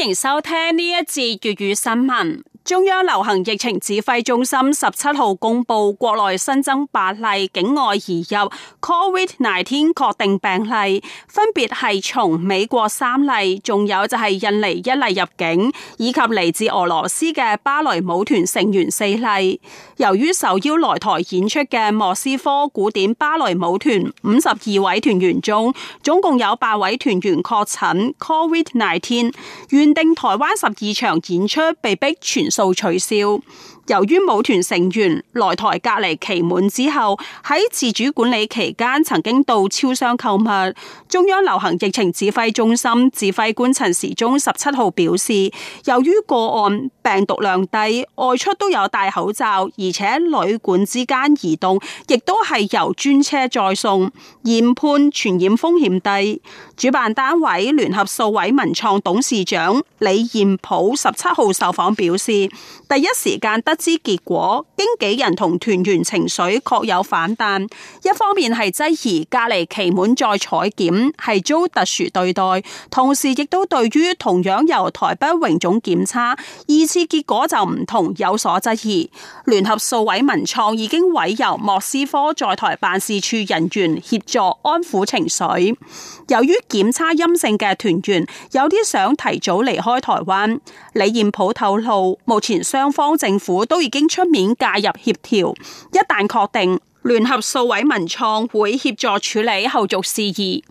歡迎收聽呢一節粵語新聞。中央流行疫情指揮中心十七號公布國內新增八例境外移入 COVID-19 確定病例，分別係從美國三例，仲有就係印尼一例入境，以及嚟自俄羅斯嘅芭蕾舞團成員四例。由於受邀來台演出嘅莫斯科古典芭蕾舞團五十二位團員中，總共有八位團員確診 COVID-19，原定台灣十二場演出被逼全做取消。由於舞團成員來台隔離期滿之後，喺自主管理期間曾經到超商購物。中央流行疫情指揮中心指揮官陳時中十七號表示，由於個案病毒量低，外出都有戴口罩，而且旅館之間移動，亦都係由專車載送，研判傳染風險低。主辦單位聯合數位文創董事長李彥甫十七號受訪表示，第一時間得。知結果。經紀人同團員情緒確有反彈，一方面係質疑隔離期滿再採檢係遭特殊對待，同時亦都對於同樣由台北榮總檢測二次結果就唔同有所質疑。聯合數位文創已經委由莫斯科在台辦事處人員協助安撫情緒。由於檢測陰性嘅團員有啲想提早離開台灣，李燕普透露目前雙方政府都已經出面介入協調，一旦確定，聯合數位文創會協助處理後續事宜。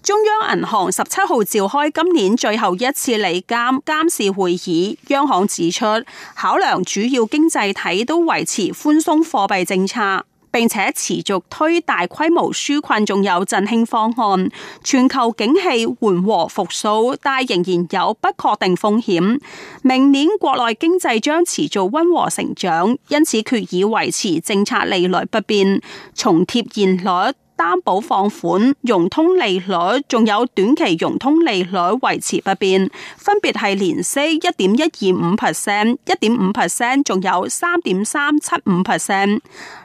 中央銀行十七號召開今年最後一次理監監事會議，央行指出，考量主要經濟體都維持寬鬆貨幣政策。並且持續推大規模紓困，仲有振興方案。全球景氣緩和復甦，但仍然有不確定風險。明年國內經濟將持續溫和成長，因此決議維持政策利率不變，重貼現率，擔保放款融通利率，仲有短期融通利率維持不變，分別係年息一點一二五 percent、一點五 percent，仲有三點三七五 percent。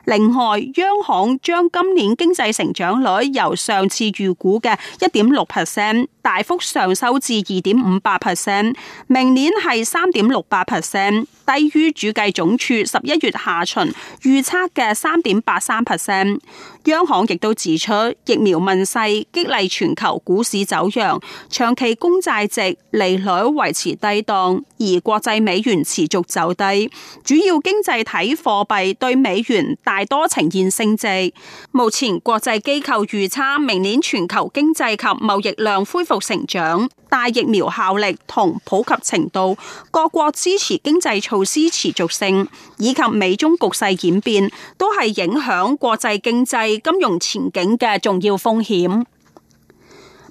另外，央行將今年經濟成長率由上次預估嘅一點六 percent 大幅上修至二點五八 percent，明年係三點六八 percent，低於主計總處十一月下旬預測嘅三點八三 percent。央行亦都指出，疫苗問世激勵全球股市走揚，長期公債殖利率維持低檔，而國際美元持續走低，主要經濟體貨幣對美元大多呈現升值。目前國際機構預測明年全球經濟及貿易量恢復成長，大疫苗效力同普及程度，各國支持經濟措施持續性以及美中局勢演變，都係影響國際經濟金融前景嘅重要風險。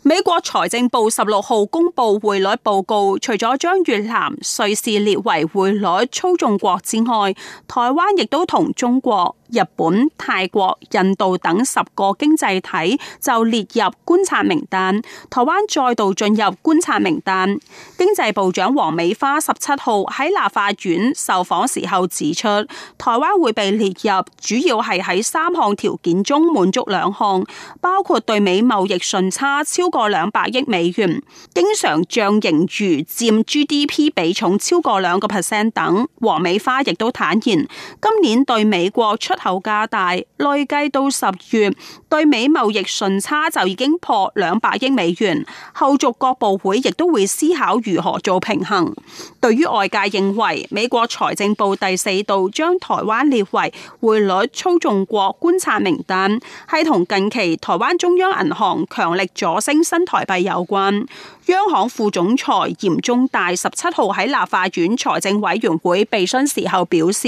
美國財政部十六號公布匯率報告，除咗將越南、瑞士列為匯率操縱國之外，台灣亦都同中國。日本、泰國、印度等十個經濟體就列入觀察名單，台灣再度進入觀察名單。經濟部長黃美花十七號喺立法院受訪時候指出，台灣會被列入，主要係喺三項條件中滿足兩項，包括對美貿易順差超過兩百億美元，經常帳盈餘占 GDP 比重超過兩個 percent 等。黃美花亦都坦言，今年對美國出後加大，累計到十月對美貿易順差就已經破兩百億美元。後續各部會亦都會思考如何做平衡。對於外界認為美國財政部第四度將台灣列為匯率操縱國觀察名單，係同近期台灣中央銀行強力阻升新台幣有關。央行副總裁嚴宗大十七號喺立法院財政委員會備詢時候表示，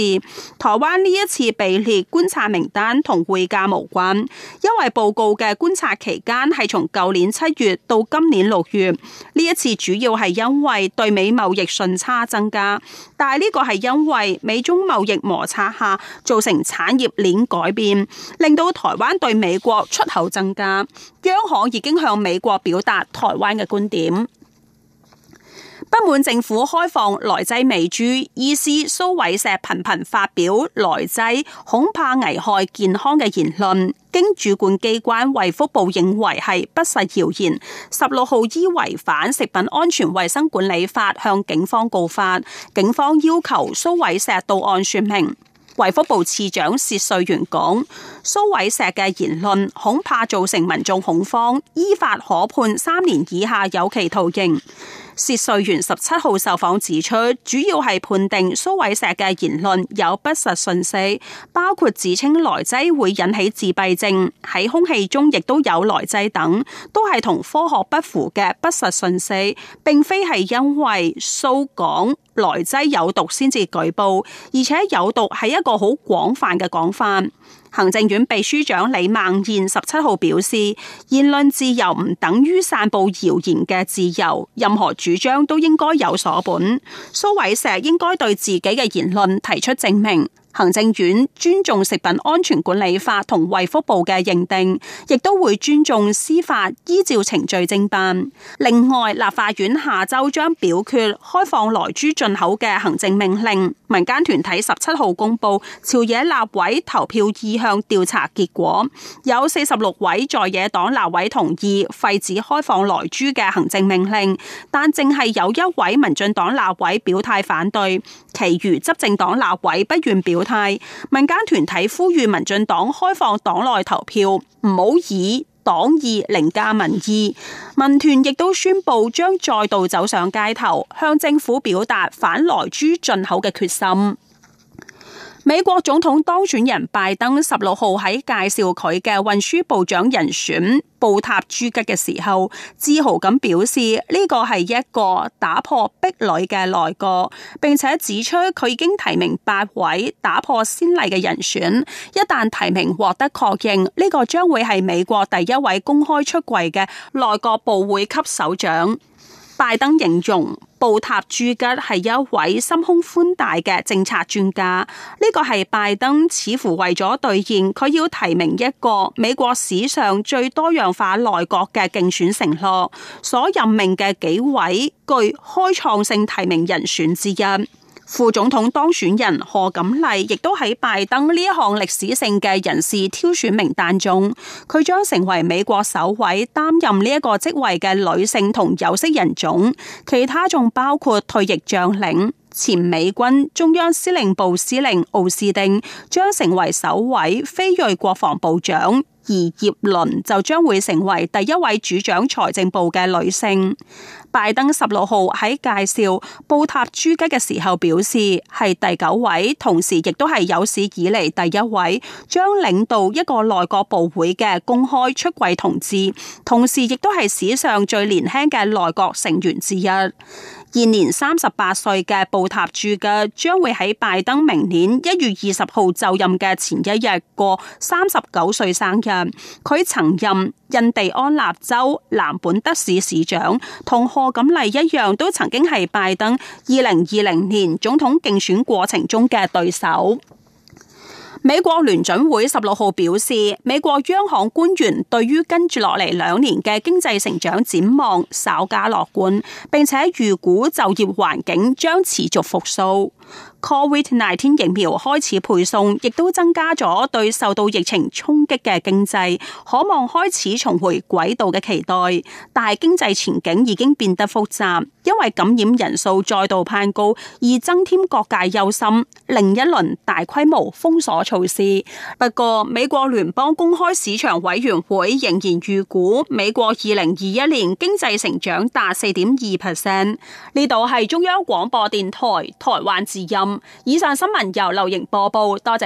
台灣呢一次被列觀察名單同匯價無關，因為報告嘅觀察期間係從舊年七月到今年六月。呢一次主要係因為對美貿易順差增加，但係呢個係因為美中貿易摩擦下造成產業鏈改變，令到台灣對美國出口增加。央行已經向美國表達台灣嘅觀點。不滿政府開放萊劑美豬，醫師蘇偉碩頻頻發表萊劑恐怕危害健康嘅言論，經主管機關衛福部認為係不實謠言。十六號依違反《食品安全衛生管理法》向警方告發，警方要求蘇偉碩到案說明。衛福部次長薛瑞元講。蘇偉碩嘅言論恐怕造成民眾恐慌，依法可判三年以下有期徒刑。薛瑞元十七號受訪指出，主要係判定蘇偉碩嘅言論有不實訊息，包括自稱萊劑會引起自閉症，喺空氣中亦都有萊劑等，都係同科學不符嘅不實訊息，並非係因為蘇講萊劑有毒先至舉報，而且有毒係一個好廣泛嘅講法。行政院秘書長李孟燕十七號表示，言論自由唔等於散布謠言嘅自由，任何主張都應該有所本。蘇偉碩應該對自己嘅言論提出證明。行政院尊重食品安全管理法同衛福部嘅認定，亦都會尊重司法依照程序偵辦。另外，立法院下周將表決開放萊豬進口嘅行政命令。民間團體十七號公布朝野立委投票意向調查結果，有四十六位在野黨立委同意廢止開放萊豬嘅行政命令，但淨係有一位民進黨立委表態反對，其餘執政黨立委不願表。民間團體呼籲民進黨開放黨內投票，唔好以黨意凌駕民意。民團亦都宣布將再度走上街頭，向政府表達反萊豬進口嘅決心。美國總統當選人拜登十六號喺介紹佢嘅運輸部長人選布塔朱吉嘅時候，自豪咁表示呢個係一個打破壁壘嘅內閣，並且指出佢已經提名八位打破先例嘅人選，一旦提名獲得確認，呢個將會係美國第一位公開出櫃嘅內閣部會級首長。拜登形容布塔朱吉係一位心胸寬大嘅政策專家，呢個係拜登似乎為咗兌現佢要提名一個美國史上最多樣化內閣嘅競選承諾所任命嘅幾位具開創性提名人選之一。副總統當選人何錦麗亦都喺拜登呢一項歷史性嘅人事挑選名單中，佢將成為美國首位擔任呢一個職位嘅女性同有色人種。其他仲包括退役將領、前美軍中央司令部司令奧斯汀，將成為首位非裔國防部長。而葉倫就將會成為第一位主掌財政部嘅女性。拜登十六號喺介紹布塔朱吉嘅時候表示，係第九位，同時亦都係有史以嚟第一位將領導一個內閣部會嘅公開出櫃同志，同時亦都係史上最年輕嘅內閣成員之一。現年三十八歲嘅布塔朱吉，將會喺拜登明年一月二十號就任嘅前一日過三十九歲生日。佢曾任印第安納州南本德市市長，同賀錦麗一樣，都曾經係拜登二零二零年總統競選過程中嘅對手。美國聯準會十六號表示，美國央行官員對於跟住落嚟兩年嘅經濟成長展望稍加樂觀，並且預估就業環境將持續復甦。COVID-19 疫苗開始配送，亦都增加咗對受到疫情衝擊嘅經濟可望開始重回軌道嘅期待，但係經濟前景已經變得複雜。因為感染人數再度攀高而增添各界憂心，另一輪大規模封鎖措施。不過，美國聯邦公開市場委員會仍然預估美國二零二一年經濟成長達四點二 percent。呢度係中央廣播電台台灣字音。以上新聞由劉瑩播報，多謝。